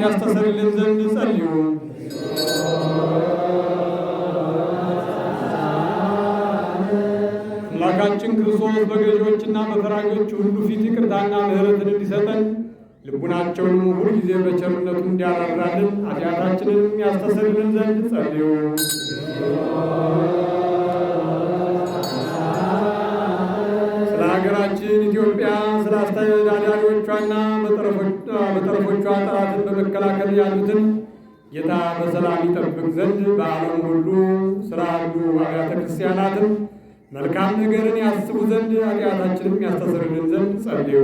ያስተሰርልን ዘንድ ጸልዩ። አምላካችን ክርስቶስ በገዢዎችና በፈራጆች ሁሉ ፊት ይቅርታና ምሕረትን እንዲሰጠን ልቡናቸውንም ሁልጊዜ በቸርነቱ እንዲያራራልን ኃጢአታችንንም ያስተሰርልን ዘንድ ጸልዩ። ሰልፎቿ ጠላትን በመከላከል ያሉትን ጌታ በሰላም ይጠብቅ ዘንድ በዓለም ሁሉ ስላሉ አብያተ ክርስቲያናትን መልካም ነገርን ያስቡ ዘንድ ኃጢአታችንም ያስተሰርልን ዘንድ ጸልዩ።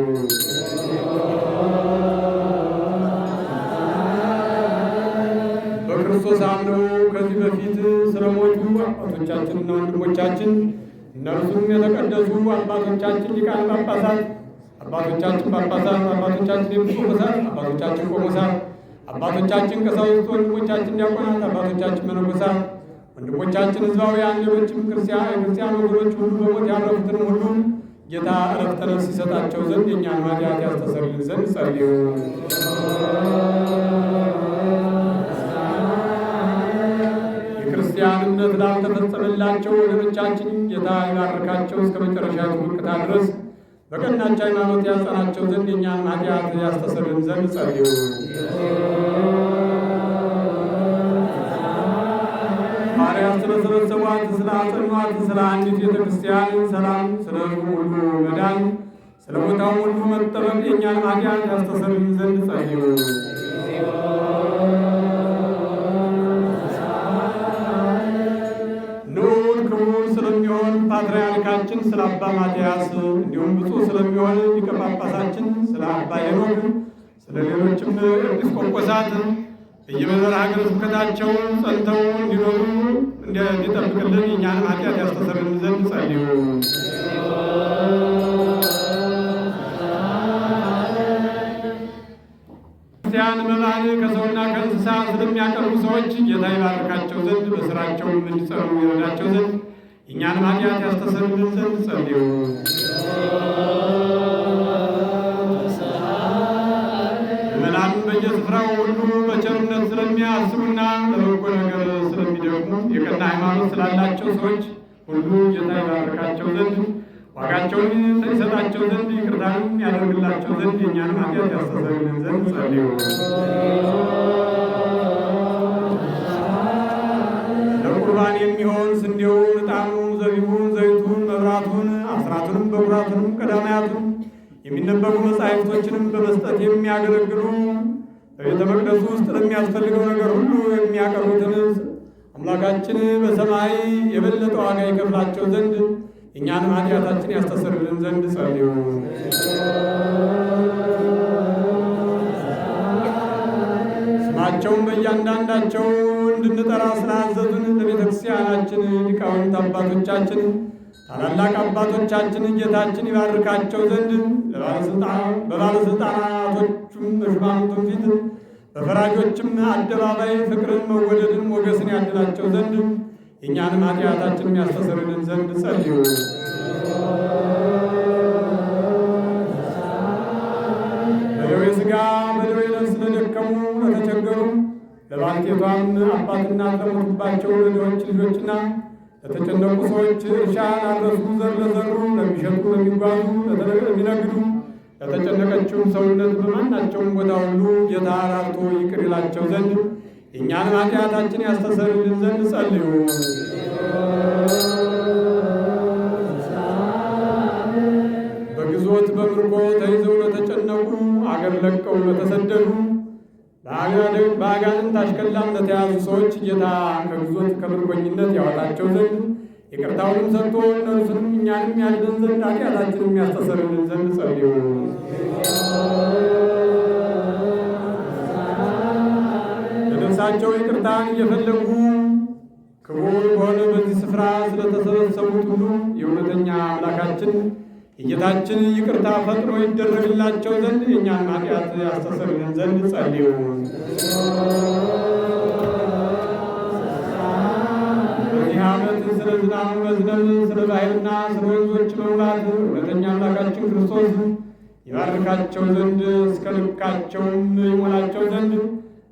በክርስቶስ አምነው ከዚህ በፊት ስለሞቱ አባቶቻችንና ወንድሞቻችን እነርሱም የተቀደሱ አባቶቻችን ሊቃነ ጳጳሳት አባቶቻችን ጳጳሳት፣ አባቶቻችን ኤጲስቆጶሳት፣ አባቶቻችን ቆሞሳት፣ አባቶቻችን ቀሳውስት፣ ወንድሞቻችን ዲያቆናት፣ አባቶቻችን መነኮሳት፣ ወንድሞቻችን ሕዝባውያን፣ ሌሎችም ክርስቲያን ወገኖች ሁሉ በሞት ያረፉትን ሁሉ ጌታ ዕረፍተ ነፍስ ሲሰጣቸው ዘንድ የእኛን ኃጢአት ያስተሰርይልን ዘንድ ጸልዩ። የክርስቲያንነት እምነት ላልተፈጸመላቸው ወገኖቻችን ጌታ ይባርካቸው እስከ መጨረሻ ትውልቅታ ድረስ በቀናች ሃይማኖት ያጸናቸው ዘንድ የእኛን ኃጢአት ያስተሰርይልን ዘንድ ጸልዩ። ሐዋርያት ስለ ሰበሰቧት፣ ስለ አጽኗት፣ ስለ አንዲት ቤተ ክርስቲያን ሰላም፣ ስለ ሁሉ መዳን፣ ስለ ቦታው ሁሉ መጠበቅ የእኛን ኃጢአት ያስተሰርይልን ዘንድ ጸልዩ። ስለ አባ ማትያስ እንዲሁም ብፁዕ ስለሚሆን ሊቀ ጳጳሳችን ስለ አባ ሄኖክ ስለ ሌሎችም ኤጲስቆጶሳት በየመዘራ ሀገረ ስብከታቸው ጸንተው እንዲኖሩ እንዲጠብቅልን እኛን ኃጢአት ያስተሰርይልን ዘንድ ጸልዩ። ክርስቲያን መባል ከሰውና ከእንስሳ ስለሚያቀርቡ ሰዎች ጌታ ይባርካቸው ዘንድ በስራቸውም እንዲጸኑ ይረዳቸው ዘንድ እኛን ኃጢአት ያስተሰርይልን ዘንድ ጸልዩ። ምእመናን በየስፍራው ሁሉ በቸርነት ስለሚያስቡና ለበጎ ነገር ስለሚደግሙ የቀና ሃይማኖት ስላላቸው ሰዎች ሁሉ ጌታ ይባርካቸው ዘንድ ዋጋቸውን ይሰጣቸው ዘንድ ይቅርታን ያደርግላቸው ዘንድ የእኛን ኃጢአት ያስተሰርይልን ዘንድ ጸልዩ። ለቁርባን የሚሆን ስንዴውን ታምራቱንም በኩራቱንም ቀዳማያቱን የሚነበቡ መጻሕፍቶችንም በመስጠት የሚያገለግሉ በቤተ መቅደሱ ውስጥ ለሚያስፈልገው ነገር ሁሉ የሚያቀርቡትን አምላካችን በሰማይ የበለጠ ዋጋ ይከፍላቸው ዘንድ እኛንም ኃጢአታችን ያስተሰርልን ዘንድ ጸልዩ። ስማቸውን በእያንዳንዳቸው እንድንጠራ ስላዘዙን ለቤተ ክርስቲያናችን ሊቃውንት አባቶቻችን ታላላቅ አባቶቻችንን ጌታችን ይባርካቸው ዘንድ በባለሥልጣናቶቹም በሹማምንቱም ፊት በፈራጆችም አደባባይ ፍቅርን፣ መወደድን፣ ሞገስን ያድላቸው ዘንድ እኛንም ኃጢአታችንን ያስተሰርልን ዘንድ ጸልዩ። በደዌ ሥጋ በደዌ ነፍስ ለደከሙ ለባልቴቷም አባትና ለሞቱባቸው ለድሆች ልጆችና ለተጨነቁ ሰዎች እርሻን አድረሱ ዘር ለዘሩ ለሚሸጡ ለሚጓዙ ለሚነግዱ ለተጨነቀችውን ሰውነት በማናቸውም ቦታ ሁሉ ጌታ ራርቶ ይቅር ይላቸው ዘንድ እኛን ኃጢአታችን ያስተሰርይልን ዘንድ ጸልዩ። በግዞት በምርኮ ተይዘው ለተጨነቁ አገር ለቀው ለተሰደዱ በአጋንንት አሽከላም ለተያዙ ሰዎች ጌታ ከግዞት ከምርኮኝነት ያወጣቸው ዘንድ ይቅርታውንም ሰጥቶ እነርሱንም እኛንም ያድነን ዘንድ ኃጢአታችንም ያስተሰርልን ዘንድ ጸልዩ። ለነፍሳቸው ይቅርታን እየፈለጉ ክቡር በሆነ በዚህ ስፍራ ስለተሰበሰቡት ሁሉ የእውነተኛ አምላካችን የጌታችን ይቅርታ ፈጥኖ ይደረግላቸው ዘንድ የእኛን ማጥያት ያስተሰርይልን ዘንድ ጸልዩ። በዚህ ዓመት ስለ ዝናቡ መዝነብ፣ ስለ ባህልና ስለ ወንዞች መሙላት እውነተኛ አምላካችን ክርስቶስ ይባርካቸው ዘንድ እስከ ልካቸውም ይሞላቸው ዘንድ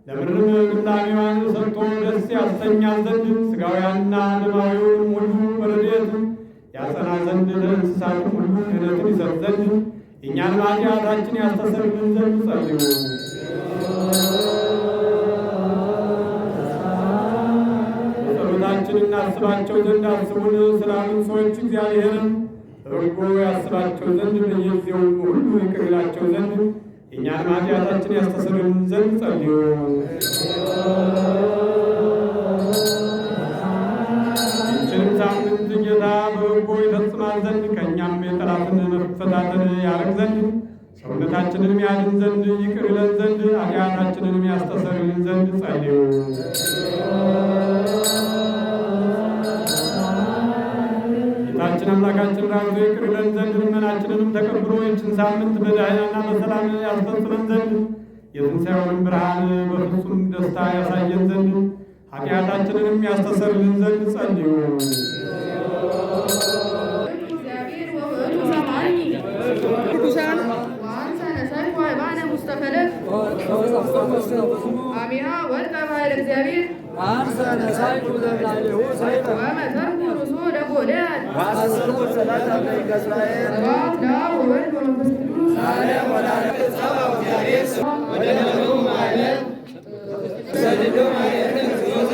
ለምድርም ልምላሜዋን ሰጥቶ ደስ ያሰኛል ዘንድ ስጋውያንና ደማዊው ይጸና ዘንድ ለእንስሳት ሁሉ ምሕረትን ይሰጥ ዘንድ እኛን ኃጢአታችን ያስተሰርይልን ዘንድ ጸልዩ። ጸሎታችን እናስባቸው ዘንድ አስቡን። ስላሉን ሰዎች እግዚአብሔርን በበጎ ያስባቸው ዘንድ በየጊዜው ሁሉ ይቅር ዘንድ እኛን ኃጢአታችን ያስተሰርይልን ዘንድ ጸልዩ። ይጽናን ዘንድ ከእኛም የጠላትን መፈታተን ያረግ ዘንድ ሰውነታችንንም ያድን ዘንድ ይቅር ይለን ዘንድ ኃጢአታችንንም ያስተሰርይልን ዘንድ ጸልዩ። ጌታችን አምላካችን ራሱ ይቅር ይለን ዘንድ ልመናችንንም ተቀብሎ ይችን ሳምንት በደህናና በሰላም ያስፈጽመን ዘንድ የትንሣኤውንም ብርሃን በፍጹም ደስታ ያሳየን ዘንድ ኃጢአታችንንም ያስተሰርልን ዘንድ ጸልዩ። አሚሃ ወልቀ ባሕረ እግዚአብሔር አንሰ ነሣእኩ ዘእብላለሁ ሰይፈ ወመተርኩ ርእሶ ለጎልያድ ወአሰብኩ ሰላተ እምኔከ እስራኤል ስብሐት ለአብ ወወልድ ቅዱስ ለዓለሙ ዓለም ጸባዖ እግዚአብሔር ወደለሙ ማእለ ሰድዶ ማየትን ዝወዘ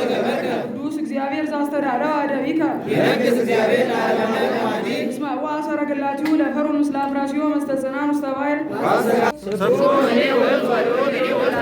ቅዱስ እግዚአብሔር ዘአስተዳድራ አደቢከ ይነግሥ እግዚአብሔር ለዓለመ እስማ ወአሰረገላቲሁ ለፈሩ ምስለ አፍራሲሆ መስተ ጽናን ውስተ ባሕር ስብሖ እኔ ወእም ባሕር